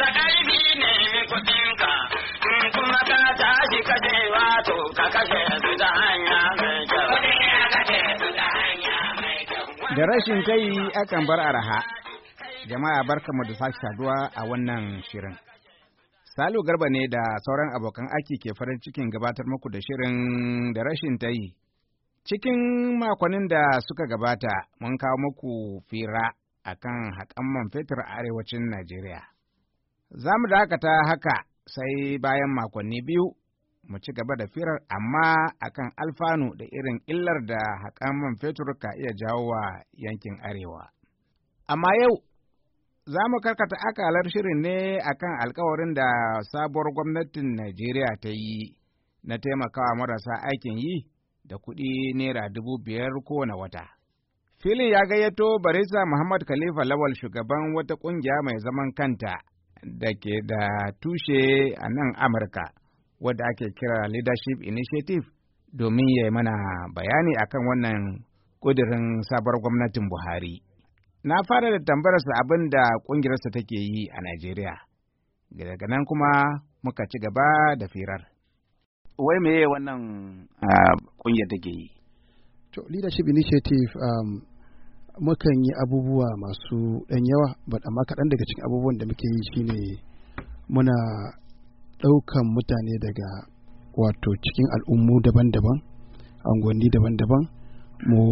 ƙarfi ne kuɗinka, in kuma ka tashi ka je wato ka kashe su da hanya mai Da rashin kai akan bar araha, jama'a mu da sake saduwa a wannan shirin. Salu Garba ne da sauran abokan aiki ke farin cikin gabatar muku da shirin da rashin ta yi. Cikin makonin da suka gabata mun kawo muku fira a kan haƙamman man fetur a arewacin Najeriya. Za mu dakata haka sai bayan makonni biyu mu ci gaba da firar amma akan alfanu da irin illar da haƙan man fetur ka iya jawo wa yankin arewa. Amma yau za mu karkata akalar shirin ne akan alkawarin da sabuwar gwamnatin Najeriya ta yi na taimakawa marasa aikin yi da kuɗi naira dubu biyar kowane wata. Filin ya gayyato Barisa Muhammad Khalifa Lawal shugaban wata ƙungiya mai zaman kanta da ke da tushe a nan Amurka wadda ake kira Leadership Initiative domin ya mana bayani akan wannan ƙudurin sabuwar gwamnatin Buhari. Na fara da tambararsa abin da ƙungiyarsa take yi a Najeriya. Daga nan kuma muka ci gaba da firar. Wai meye wannan ah, ƙungiyar take yi? To, Leadership Initiative um, mukan yi abubuwa masu ɗan yawa ba amma kaɗan daga cikin abubuwan da muke yi shine muna ɗaukan mutane daga wato cikin al'ummu daban-daban angonni daban-daban mu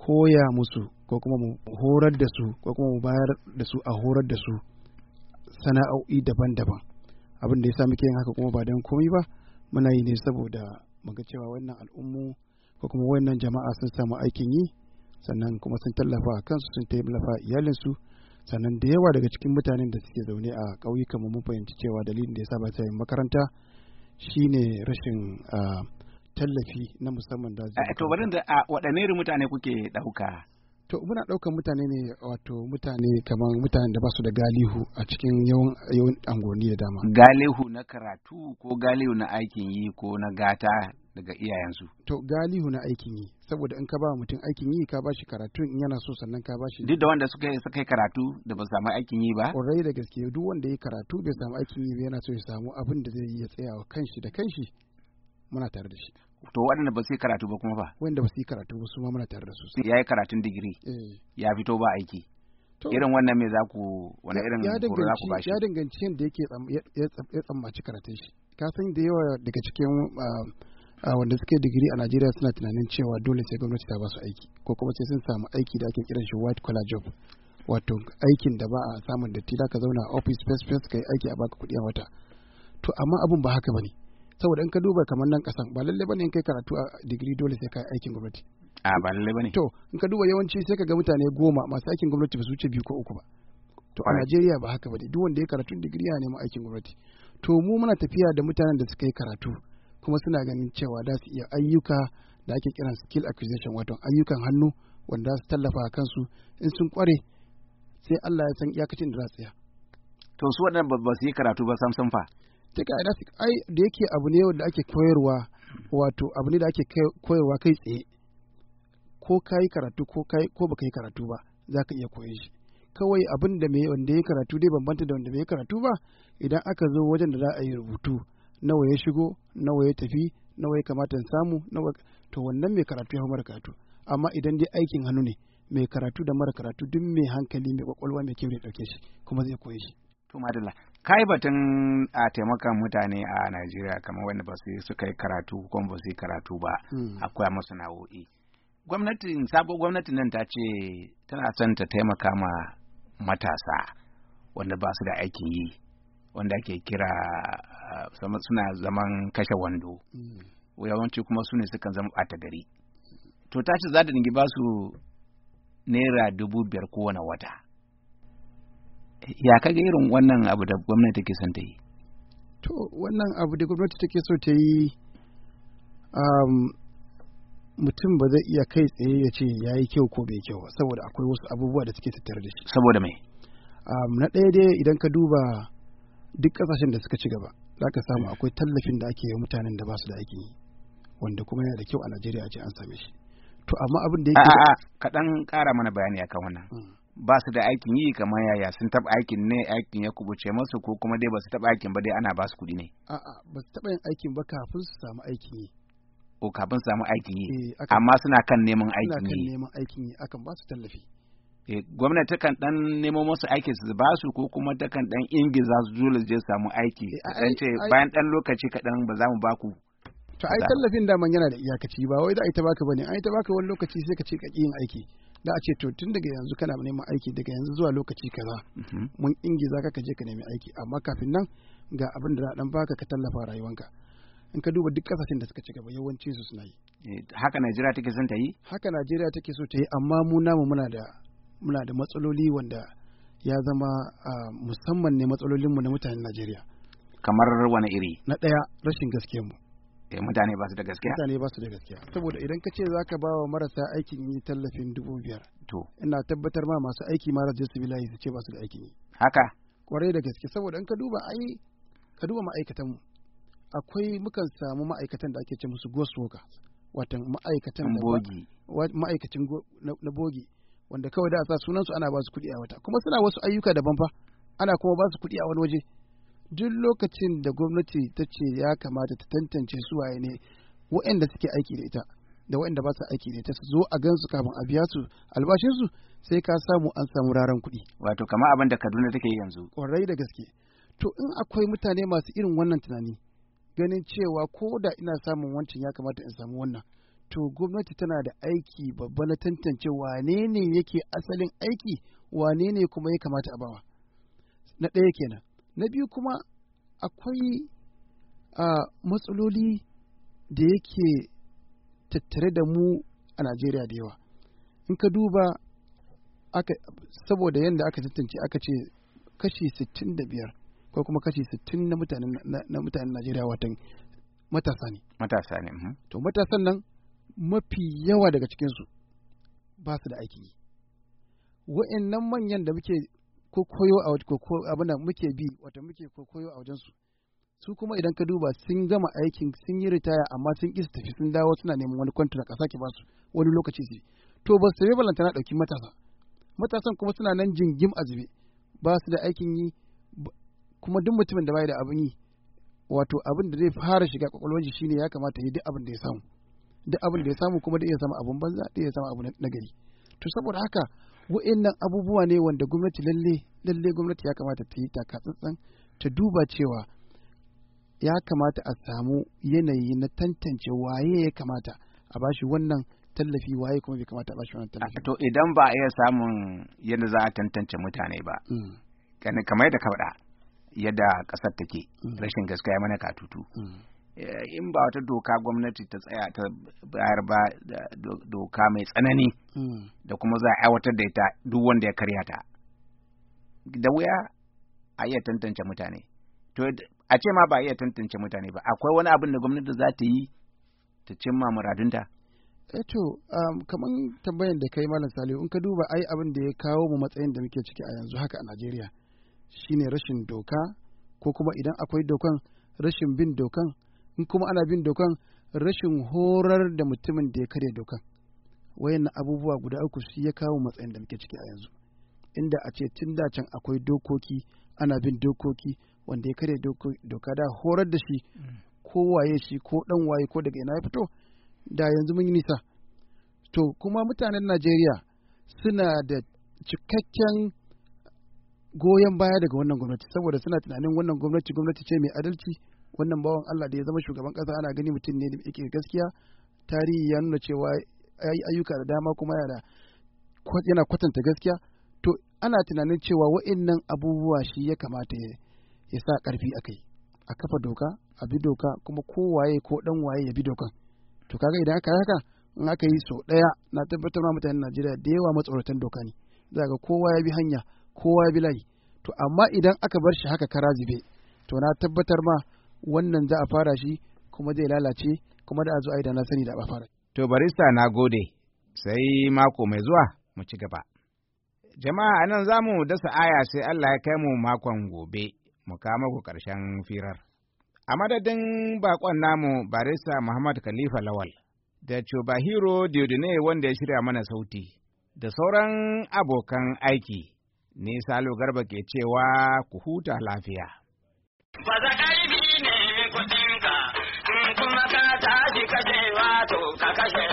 koya musu ko kuma mu horar da su ko kuma mu bayar da su a horar da su sana'o'i daban-daban abin da ya sa muke yin haka kuma ba don komai ba muna yi ne saboda muga cewa wannan al'ummu ko kuma wannan jama'a sun samu aikin yi sannan kuma sun tallafa a kansu sun tallafa iyalinsu sannan da yawa daga cikin mutanen da suke zaune a ƙauyukan mu mun fahimci cewa dalilin da ya sa ba sa yin makaranta shine rashin tallafi na musamman da zai eh, to bari da waɗanne mutane kuke ɗauka to muna ɗaukar mutane ne wato mutane kamar mutanen da ba su da galihu a cikin yawan yawan angoni da dama galihu na karatu ko galihu na aikin yi ko na gata daga iyayensu. To galihu na aikin yi saboda in ka ba mutum aikin yi ka bashi karatu in yana so sannan ka bashi. Duk da wanda suka yi suka karatu da ba samu aikin yi ba. Kwarai da gaske duk wanda ya karatu bai samu aikin yi ba yana so ya samu abin da zai iya tsayawa kanshi da kanshi muna tare da shi. To waɗanda ba su yi karatu ba kuma ba. Waɗanda ba su yi karatu ba su ma muna tare da su. Ya yi karatun digiri. Eh. Ya fito ba aiki. irin wannan me za ku wani irin horo za ku ba shi ya danganci yadda yake ya tsammaci karatun shi ka san da yawa daga cikin ah, wanda suke digiri a Najeriya suna tunanin cewa dole sai gwamnati ta ba su aiki ko kuma sai sun samu aiki da ake kiran shi white collar job wato aikin da ba a samun datti za ka zauna a office space space kai aiki a baka kuɗi a wata to amma abun ba haka bane saboda in ka duba kamar nan kasan ba lalle bane in kai karatu a digiri dole sai yi aikin gwamnati a ba lalle bane to in ka duba yawanci sai ka ga mutane goma masu aikin gwamnati ba su wuce biyu ko uku ba to a Najeriya ba haka bane duk wanda ya karatu digiri ya nemi aikin gwamnati to mu muna tafiya da mutanen da suka yi karatu kuma suna ganin cewa da su iya ayyuka da ake kiran skill acquisition wato ayyukan hannu wanda su tallafa kansu in sun kware sai Allah ya san iyakacin da za su to su waɗanda ba su yi karatu ba sam sam fa ta su ai da yake abu ne wanda ake koyarwa wato abu ne da ake koyarwa kai tsaye ko ka yi karatu ko kai ko baka yi karatu ba za ka iya koye shi kawai abin da mai wanda ya karatu dai bambanta da wanda bai karatu ba idan aka zo wajen da za a yi rubutu nawa ya shigo nawa ya tafi nawa ya kamata in samu nawa to wannan mai karatu ya mara karatu amma idan dai aikin hannu ne mai karatu da mara karatu duk mai hankali mai kwakwalwa mai kyau da dauke shi kuma zai koye shi to madalla kai batun a taimakon mutane a Najeriya kamar wanda ba su suka yi karatu ko ba su hmm. karatu ba akwai masu nawo'i gwamnatin sabo gwamnatin nan ta ce tana son ta taimaka ma matasa wanda ba su da aikin yi wanda ake kira ah, suna zaman kashe wando mm. yawanci kuma su ne sukan zama ɓata gari to ta ce za ta ba su naira dubu biyar kowane wata ya kaga irin wannan abu da gwamnati take son ta yi to wannan abu da gwamnati take so ta yi um, mutum ba zai iya kai tsaye ya ce ya yi kyau ko bai kyau saboda akwai wasu abubuwa da suke tattare da shi saboda mai um, na ɗaya dai idan ka duba duk kasashen da suka ci gaba za ka samu akwai tallafin da ake yi mutanen da ba su da aikin yi wanda kuma yana da kyau a najeriya a ce an same shi to amma abin da yake A'a kaɗan ƙara mana bayani akan wannan hmm. ba su da aikin yi kamar yaya sun taɓa aikin ne aikin ya kubuce masu ko kuma dai ba su taɓa aikin ba dai ana ba su kuɗi ne a'a ba su taɓa yin aikin ba kafin su samu aikin yi ko kafin su samu aikin yi eh, amma suna kan neman aikin yi suna kan neman aikin yi akan ba su tallafi Eh, gwamnati kan dan nemo musu aiki su ba su ko kuma ta kan dan ingiza su dole je samu aiki dan eh, ce bayan dan lokaci kaɗan ba za mu ba ku to ai tallafin daman yana da iyakaci ba wai da ai ta baka bane ai ta baka wani lokaci sai ka ce ka yin aiki da a ce to tun daga yanzu kana neman aiki daga yanzu zuwa lokaci kaza mhm. mun ingiza ka ka je ka nemi aiki amma kafin nan ga abin da za dan baka ka tallafa rayuwanka in ka duba duk kasashen da suka ci gaba yawanci su suna yi eh, haka Najeriya take son ta yi haka Najeriya take so ta yi amma mu namu muna da muna da matsaloli wanda ya zama musamman ne matsalolinmu na mutanen Najeriya. Kamar wani iri? Na ɗaya rashin gaske mu. Eh, mutane ba su da gaskiya? Mutane ba su da gaskiya. Saboda idan ka ce za ka ba wa marasa aikin yi tallafin dubu biyar. To. Ina tabbatar ma masu aiki mara je su bilayi su ce ba su da aikin yi. Haka. Kwarai da gaske saboda in ka duba ai ka duba ma'aikatanmu. Akwai mukan samu ma'aikatan da ake ce musu ghost worker. Watan ma'aikatan bogi. ma'aikacin na bogi wanda kawai da a sa sunansu ana ba su kuɗi a wata kuma suna wasu ayyuka daban fa ana kuma ba su kuɗi a wani waje duk lokacin da gwamnati ta ce ya kamata ta tantance su waye ne waɗanda suke aiki da ita da waɗanda ba su aiki da ita su zo a gansu kafin a biya su albashinsu sai ka samu an samu raran kuɗi. Wato kama abin da Kaduna take yanzu. Kwarai da gaske. To in akwai mutane masu irin wannan tunani ganin cewa ko da ina samun wancan ya kamata in samu wannan to gwamnati tana da aiki babba na tantance wane ne yake asalin aiki wane ne kuma ya kamata a bawa na ɗaya kenan na biyu kuma akwai matsaloli da yake tattare da mu a najeriya da yawa in ka duba saboda yadda aka tantance aka ce kashi 65 ko kuma kashi 60 na mutanen najeriya watan matasa ne matasa ne mhm. to matasan nan mafi yawa daga cikinsu ba su da aiki yi wa'annan manyan da muke koyo a abin muke bi wata muke koyo a wajensu su kuma idan ka duba sun gama aikin sun yi ritaya amma sun ƙi su tafi sun dawo suna neman wani kwantar a sake basu wani lokaci su to ba su balanta na ɗauki matasa matasan kuma suna nan jingim a zube ba su da aikin yi kuma duk mutumin da bai da abin yi wato abin da zai fara shiga kwakwalwar shi shine ya kamata ya duk abin da ya samu da abin da ya samu kuma da iya zama abun banza da iya zama abu nagari to saboda haka wa'annan abubuwa ne wanda gwamnati lalle lalle gwamnati ya kamata ta yi takatsantsan ta duba cewa ya kamata a samu yanayi na tantance waye ya kamata a bashi wannan tallafi waye kuma bai kamata a bashi wannan tallafi to idan ba a iya samun yadda za a tantance mutane ba mm. kamar yadda ka faɗa yadda ƙasar take mm. rashin gaskiya mana katutu mm. Eh, in ba wata doka gwamnati ta tsaya ta bayar ba doka mai tsanani hmm. da kuma za a aiwatar da ita duk wanda ya karya ta da wuya a iya tantance mutane to a ce ma ba a iya tantance mutane ba akwai wani abin da gwamnati za ta yi ta cimma muradunta eto eh to um, kamar tambayan da kai malam salihu in ka duba ai abin da ya kawo mu matsayin da muke ciki a yanzu haka a najeriya shine rashin doka ko kuma idan akwai dokan rashin bin dokan in kuma ana bin dokan rashin horar da mutumin da ya karya dokan wayan abubuwa guda uku su ya kawo matsayin da muke ciki a yanzu inda a ce tun da can akwai dokoki ana bin dokoki wanda ya karya doka da horar da shi mm. ko waye shi ko dan waye ko daga ina ya fito da yanzu mun yi nisa to kuma mutanen Najeriya suna da cikakken goyon baya daga wannan gwamnati saboda suna tunanin wannan gwamnati gwamnati ce mai adalci wannan bawan Allah da ya zama shugaban kasa ana gani mutum ne da yake gaskiya tarihi ya nuna cewa yi ayyuka da dama kuma yana yana kwatanta gaskiya to ana tunanin cewa wa'annan abubuwa shi ya kamata ya sa karfi kai. a kafa doka a bi doka kuma kowaye ko dan waye ya bi dokan to kaga idan aka haka in aka yi sau ɗaya na tabbatar ma mutanen Najeriya da yawa matsoratan doka ne za ga kowa ya bi hanya kowa ya bi layi to amma idan aka bar shi haka kara zube to na tabbatar ma wannan za a fara shi kuma zai lalace kuma da a zo a da na sani da ba fara. To barista na gode sai mako mai zuwa mu ci gaba. Jama'a a nan, za mu dasa aya sai Allah ya kai mu makon gobe mu kama ku ƙarshen firar. A madadin bakon namu barista Muhammad Khalifa Lawal da hero Diodune wanda ya shirya mana sauti da sauran abokan aiki. Ni Salo Garba ke cewa ku huta lafiya. Ba za kuɗinka, in kuma ka tashi kashewa to ka kashe